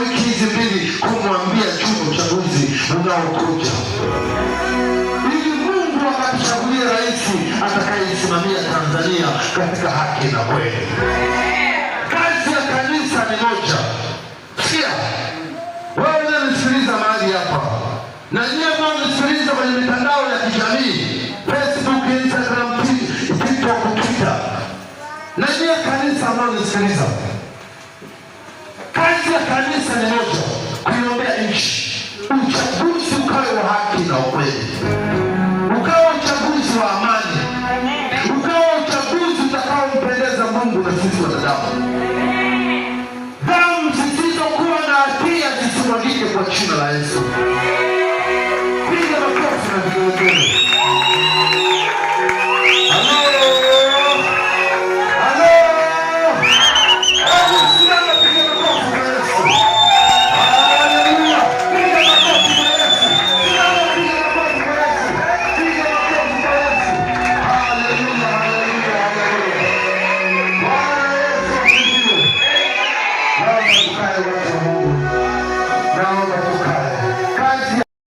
wiki hizi mbili kumwambia chuma uchaguzi unaokuja, ili Mungu akakuchagulia rais atakayesimamia Tanzania katika haki na kweli. Kazi ya kanisa ni moja. Sikia wewe unanisikiliza mahali hapa na nyie ambao mnasikiliza kwenye mitandao ya kijamii Facebook, Instagram, TikTok, Twitter na nyie kanisa ambao mnasikiliza sande moja kuiombea nchi, uchaguzi ukawe wa haki na ukweli, ukawa uchaguzi wa amani, ukawa uchaguzi utakaompendeza Mungu na sisi wanadamu. Damu zisizokuwa na hatia zisimwagike kwa jina la Yesu. Piga makofi na vigelegele. Obrigado, para